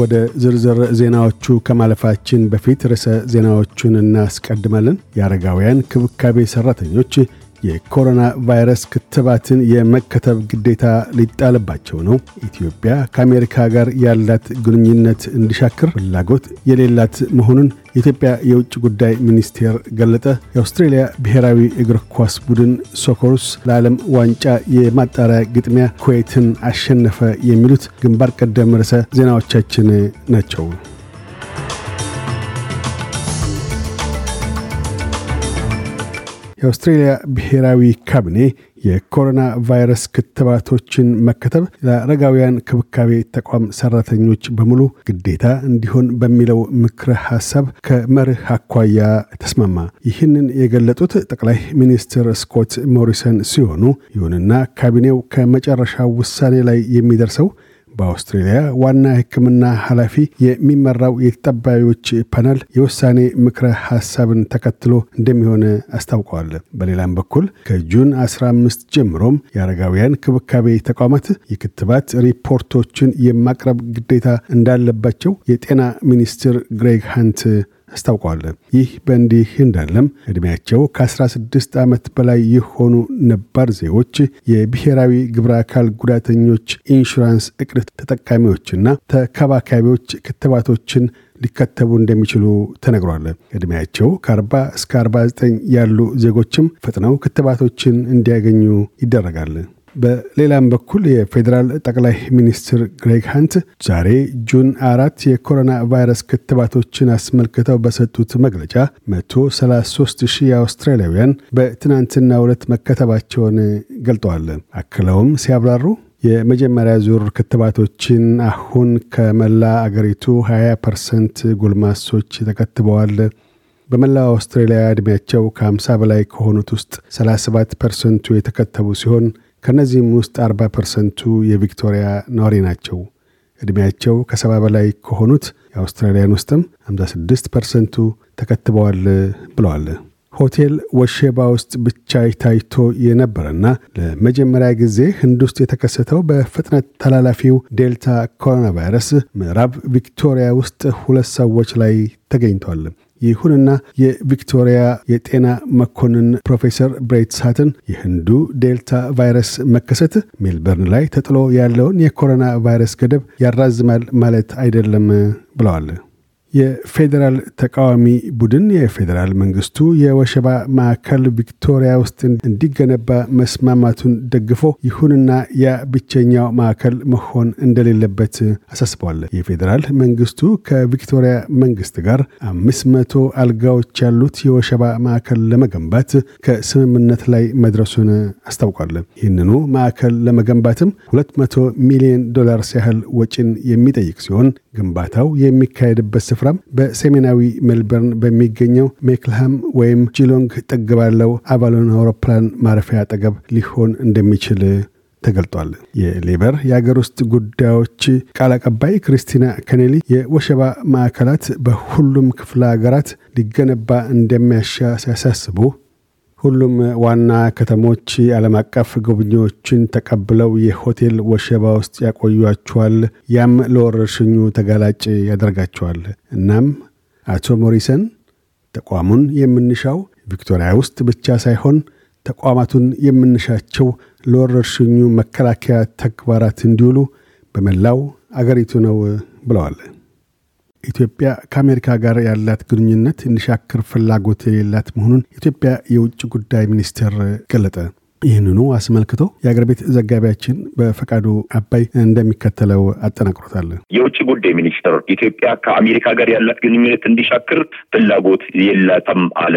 ወደ ዝርዝር ዜናዎቹ ከማለፋችን በፊት ርዕሰ ዜናዎቹን እናስቀድማለን። የአረጋውያን ክብካቤ ሰራተኞች የኮሮና ቫይረስ ክትባትን የመከተብ ግዴታ ሊጣልባቸው ነው። ኢትዮጵያ ከአሜሪካ ጋር ያላት ግንኙነት እንዲሻክር ፍላጎት የሌላት መሆኑን የኢትዮጵያ የውጭ ጉዳይ ሚኒስቴር ገለጠ። የአውስትሬልያ ብሔራዊ እግር ኳስ ቡድን ሶኮርስ ለዓለም ዋንጫ የማጣሪያ ግጥሚያ ኩዌትን አሸነፈ። የሚሉት ግንባር ቀደም ርዕሰ ዜናዎቻችን ናቸው። የአውስትሬልያ ብሔራዊ ካቢኔ የኮሮና ቫይረስ ክትባቶችን መከተብ ለአረጋውያን ክብካቤ ተቋም ሰራተኞች በሙሉ ግዴታ እንዲሆን በሚለው ምክረ ሐሳብ ከመርህ አኳያ ተስማማ። ይህንን የገለጡት ጠቅላይ ሚኒስትር ስኮት ሞሪሰን ሲሆኑ፣ ይሁንና ካቢኔው ከመጨረሻው ውሳኔ ላይ የሚደርሰው በአውስትሬልያ ዋና ሕክምና ኃላፊ የሚመራው የተጠባዮች ፓናል የውሳኔ ምክረ ሐሳብን ተከትሎ እንደሚሆን አስታውቀዋል። በሌላም በኩል ከጁን 15 ጀምሮም የአረጋውያን ክብካቤ ተቋማት የክትባት ሪፖርቶችን የማቅረብ ግዴታ እንዳለባቸው የጤና ሚኒስትር ግሬግ ሃንት አስታውቋል። ይህ በእንዲህ እንዳለም ዕድሜያቸው ከ16 ዓመት በላይ የሆኑ ነባር ዜጎች የብሔራዊ ግብረ አካል ጉዳተኞች ኢንሹራንስ እቅድ ተጠቃሚዎችና ተከባካቢዎች ክትባቶችን ሊከተቡ እንደሚችሉ ተነግሯል። ዕድሜያቸው ከ40 እስከ 49 ያሉ ዜጎችም ፈጥነው ክትባቶችን እንዲያገኙ ይደረጋል። በሌላም በኩል የፌዴራል ጠቅላይ ሚኒስትር ግሬግ ሃንት ዛሬ ጁን አራት የኮሮና ቫይረስ ክትባቶችን አስመልክተው በሰጡት መግለጫ 133 ሺህ የአውስትራሊያውያን በትናንትና ሁለት መከተባቸውን ገልጠዋል። አክለውም ሲያብራሩ የመጀመሪያ ዙር ክትባቶችን አሁን ከመላ አገሪቱ 20 ፐርሰንት ጎልማሶች ተከትበዋል። በመላው አውስትራሊያ ዕድሜያቸው ከ50 በላይ ከሆኑት ውስጥ 37 ፐርሰንቱ የተከተቡ ሲሆን ከእነዚህም ውስጥ 40 ፐርሰንቱ የቪክቶሪያ ነዋሪ ናቸው። ዕድሜያቸው ከሰባ በላይ ከሆኑት የአውስትራሊያን ውስጥም 56 ፐርሰንቱ ተከትበዋል ብለዋል። ሆቴል ወሼባ ውስጥ ብቻ ታይቶ የነበረና ለመጀመሪያ ጊዜ ህንድ ውስጥ የተከሰተው በፍጥነት ተላላፊው ዴልታ ኮሮና ቫይረስ ምዕራብ ቪክቶሪያ ውስጥ ሁለት ሰዎች ላይ ተገኝቷል። ይሁንና የቪክቶሪያ የጤና መኮንን ፕሮፌሰር ብሬት ሳትን የህንዱ ዴልታ ቫይረስ መከሰት ሜልበርን ላይ ተጥሎ ያለውን የኮሮና ቫይረስ ገደብ ያራዝማል ማለት አይደለም ብለዋል። የፌዴራል ተቃዋሚ ቡድን የፌዴራል መንግስቱ የወሸባ ማዕከል ቪክቶሪያ ውስጥ እንዲገነባ መስማማቱን ደግፎ ይሁንና ያ ብቸኛው ማዕከል መሆን እንደሌለበት አሳስበዋል። የፌዴራል መንግስቱ ከቪክቶሪያ መንግስት ጋር አምስት መቶ አልጋዎች ያሉት የወሸባ ማዕከል ለመገንባት ከስምምነት ላይ መድረሱን አስታውቋል። ይህንኑ ማዕከል ለመገንባትም ሁለት መቶ ሚሊዮን ዶላር ያህል ወጪን የሚጠይቅ ሲሆን ግንባታው የሚካሄድበት ስፍራም በሰሜናዊ ሜልበርን በሚገኘው ሜክልሃም ወይም ጂሎንግ ጥግ ባለው አቫሎን አውሮፕላን ማረፊያ አጠገብ ሊሆን እንደሚችል ተገልጧል። የሌበር የአገር ውስጥ ጉዳዮች ቃል አቀባይ ክሪስቲና ከኔሊ የወሸባ ማዕከላት በሁሉም ክፍለ ሀገራት ሊገነባ እንደሚያሻ ሲያሳስቡ ሁሉም ዋና ከተሞች ዓለም አቀፍ ጎብኚዎችን ተቀብለው የሆቴል ወሸባ ውስጥ ያቆዩቸዋል ያም ለወረርሽኙ ተጋላጭ ያደርጋቸዋል። እናም አቶ ሞሪሰን ተቋሙን የምንሻው ቪክቶሪያ ውስጥ ብቻ ሳይሆን ተቋማቱን የምንሻቸው ለወረርሽኙ መከላከያ ተግባራት እንዲውሉ በመላው አገሪቱ ነው ብለዋል። ኢትዮጵያ ከአሜሪካ ጋር ያላት ግንኙነት እንዲሻክር ፍላጎት የሌላት መሆኑን የኢትዮጵያ የውጭ ጉዳይ ሚኒስቴር ገለጠ። ይህንኑ አስመልክቶ የአገር ቤት ዘጋቢያችን በፈቃዱ አባይ እንደሚከተለው አጠናቅሮታል። የውጭ ጉዳይ ሚኒስትር ኢትዮጵያ ከአሜሪካ ጋር ያላት ግንኙነት እንዲሻክር ፍላጎት የላትም አለ።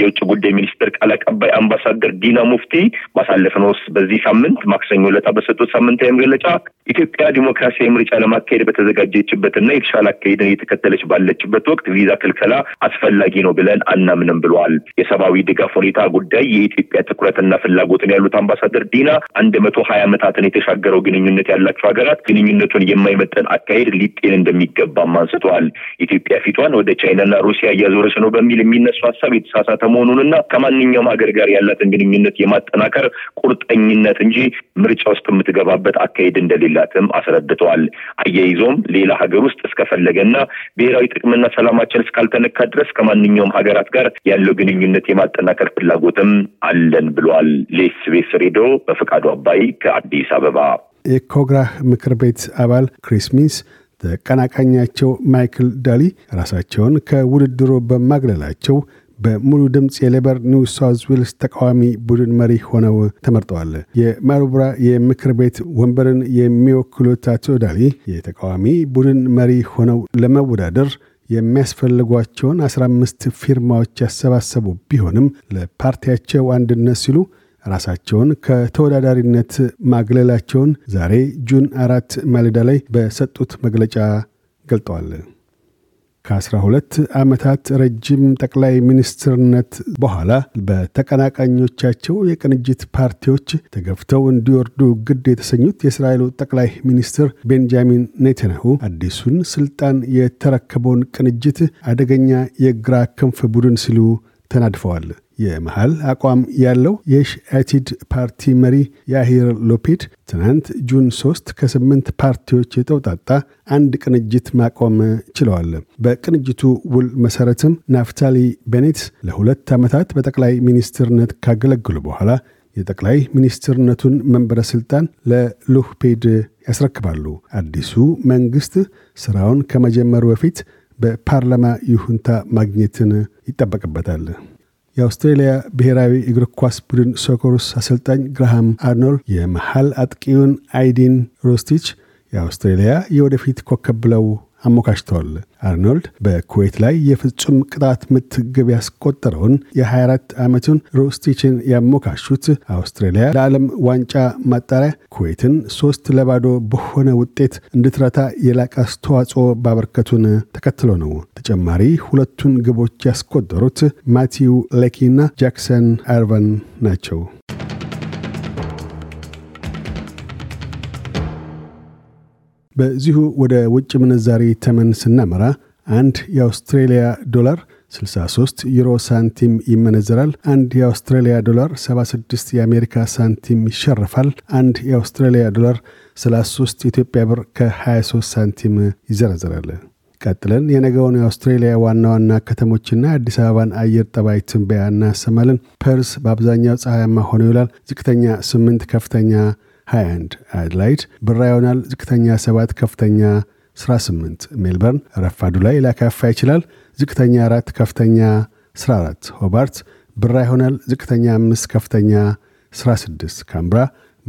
የውጭ ጉዳይ ሚኒስትር ቃል አቀባይ አምባሳደር ዲና ሙፍቲ ባሳለፍነው በዚህ ሳምንት ማክሰኞ ዕለት በሰጡት ሳምንታዊ መግለጫ ኢትዮጵያ ዲሞክራሲያዊ ምርጫ ለማካሄድ በተዘጋጀችበትና የተሻለ አካሄድን እየተከተለች ባለችበት ወቅት ቪዛ ክልከላ አስፈላጊ ነው ብለን አናምንም ብለዋል። የሰብአዊ ድጋፍ ሁኔታ ጉዳይ የኢትዮጵያ ትኩረትና ፍላጎት ውስጥ ያሉት አምባሳደር ዲና አንድ መቶ ሀያ ዓመታትን የተሻገረው ግንኙነት ያላቸው ሀገራት ግንኙነቱን የማይመጠን አካሄድ ሊጤን እንደሚገባም አንስተዋል። ኢትዮጵያ ፊቷን ወደ ቻይናና ሩሲያ እያዞረች ነው በሚል የሚነሱ ሀሳብ የተሳሳተ መሆኑንና ከማንኛውም ሀገር ጋር ያላትን ግንኙነት የማጠናከር ቁርጠኝነት እንጂ ምርጫ ውስጥ የምትገባበት አካሄድ እንደሌላትም አስረድተዋል። አያይዞም ሌላ ሀገር ውስጥ እስከፈለገና ብሔራዊ ጥቅምና ሰላማችን እስካልተነካ ድረስ ከማንኛውም ሀገራት ጋር ያለው ግንኙነት የማጠናከር ፍላጎትም አለን ሌ ስቤስ ሬዲዮ በፈቃዱ አባይ ከአዲስ አበባ። የኮግራህ ምክር ቤት አባል ክሪስ ሚንስ ተቀናቃኛቸው ማይክል ዳሊ ራሳቸውን ከውድድሩ በማግለላቸው በሙሉ ድምፅ የሌበር ኒው ሳውዝ ዌልስ ተቃዋሚ ቡድን መሪ ሆነው ተመርጠዋል። የማሩብራ የምክር ቤት ወንበርን የሚወክሉት አቶ ዳሊ የተቃዋሚ ቡድን መሪ ሆነው ለመወዳደር የሚያስፈልጓቸውን አምስት ፊርማዎች ያሰባሰቡ ቢሆንም ለፓርቲያቸው አንድነት ሲሉ ራሳቸውን ከተወዳዳሪነት ማግለላቸውን ዛሬ ጁን አራት ማለዳ ላይ በሰጡት መግለጫ ገልጠዋል። ከ12 ዓመታት ረጅም ጠቅላይ ሚኒስትርነት በኋላ በተቀናቃኞቻቸው የቅንጅት ፓርቲዎች ተገፍተው እንዲወርዱ ግድ የተሰኙት የእስራኤሉ ጠቅላይ ሚኒስትር ቤንጃሚን ኔተንያሁ አዲሱን ስልጣን የተረከበውን ቅንጅት አደገኛ የግራ ክንፍ ቡድን ሲሉ ተናድፈዋል። የመሃል አቋም ያለው የሽአቲድ ፓርቲ መሪ ያሂር ሎፔድ ትናንት ጁን 3 ከስምንት ፓርቲዎች የተውጣጣ አንድ ቅንጅት ማቆም ችለዋል። በቅንጅቱ ውል መሠረትም ናፍታሊ ቤኔት ለሁለት ዓመታት በጠቅላይ ሚኒስትርነት ካገለግሉ በኋላ የጠቅላይ ሚኒስትርነቱን መንበረ ሥልጣን ለሎፔድ ያስረክባሉ። አዲሱ መንግሥት ሥራውን ከመጀመሩ በፊት በፓርላማ ይሁንታ ማግኘትን ይጠበቅበታል። የአውስትሬሊያ ብሔራዊ እግር ኳስ ቡድን ሶኮሩስ አሰልጣኝ ግራሃም አርኖል የመሃል አጥቂውን አይዲን ሮስቲች የአውስትሬልያ የወደፊት ኮከብ ብለው አሞካሽተዋል። አርኖልድ በኩዌት ላይ የፍጹም ቅጣት ምት ግብ ያስቆጠረውን የ24 ዓመቱን ሮስቲችን ያሞካሹት አውስትራሊያ ለዓለም ዋንጫ ማጣሪያ ኩዌትን ሶስት ለባዶ በሆነ ውጤት እንድትረታ የላቀ አስተዋጽኦ ባበርከቱን ተከትሎ ነው። ተጨማሪ ሁለቱን ግቦች ያስቆጠሩት ማቲው ሌኪና ጃክሰን አርቫን ናቸው። በዚሁ ወደ ውጭ ምንዛሪ ተመን ስናመራ አንድ የአውስትሬሊያ ዶላር 63 ዩሮ ሳንቲም ይመነዘራል። አንድ የአውስትራሊያ ዶላር 76 የአሜሪካ ሳንቲም ይሸርፋል። አንድ የአውስትራሊያ ዶላር 33 ኢትዮጵያ ብር ከ23 ሳንቲም ይዘረዘራል። ቀጥለን የነገውን የአውስትሬሊያ ዋና ዋና ከተሞችና የአዲስ አበባን አየር ጠባይ ትንበያ እናሰማለን። ፐርስ በአብዛኛው ፀሐያማ ሆኖ ይውላል። ዝቅተኛ 8 ከፍተኛ 21 አድላይድ፣ ብራ ይሆናል። ዝቅተኛ 7 ከፍተኛ 18 ሜልበርን፣ ረፋዱ ላይ ላካፋ ይችላል። ዝቅተኛ 4 ከፍተኛ 14 ሆባርት፣ ብራ ይሆናል። ዝቅተኛ 5 ከፍተኛ 16 ካምብራ፣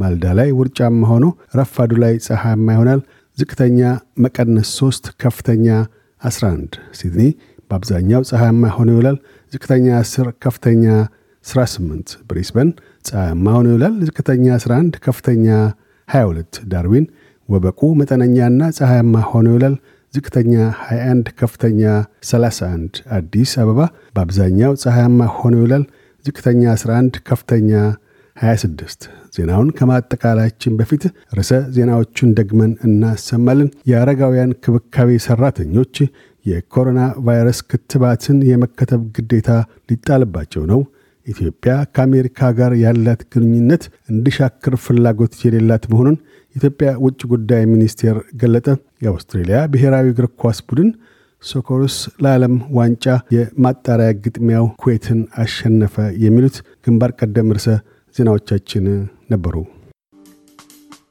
ማልዳ ላይ ውርጫማ ሆኖ ረፋዱ ላይ ፀሐያማ ይሆናል። ዝቅተኛ መቀነስ 3 ከፍተኛ 11 ሲድኒ በአብዛኛው ፀሐያማ ሆኖ ይውላል። ዝቅተኛ 10 ከፍተኛ 18 ብሪስበን ፀሐያማ ሆኖ ይውላል። ዝቅተኛ 11፣ ከፍተኛ 22። ዳርዊን ወበቁ መጠነኛና ፀሐያማ ሆኖ ይውላል። ዝቅተኛ 21፣ ከፍተኛ 31። አዲስ አበባ በአብዛኛው ፀሐያማ ሆኖ ይውላል። ዝቅተኛ 11፣ ከፍተኛ 26። ዜናውን ከማጠቃላያችን በፊት ርዕሰ ዜናዎቹን ደግመን እናሰማለን። የአረጋውያን ክብካቤ ሰራተኞች የኮሮና ቫይረስ ክትባትን የመከተብ ግዴታ ሊጣልባቸው ነው። ኢትዮጵያ ከአሜሪካ ጋር ያላት ግንኙነት እንዲሻክር ፍላጎት የሌላት መሆኑን የኢትዮጵያ ውጭ ጉዳይ ሚኒስቴር ገለጠ። የአውስትሬልያ ብሔራዊ እግር ኳስ ቡድን ሶኮርስ ለዓለም ዋንጫ የማጣሪያ ግጥሚያው ኩዌትን አሸነፈ። የሚሉት ግንባር ቀደም ርዕሰ ዜናዎቻችን ነበሩ።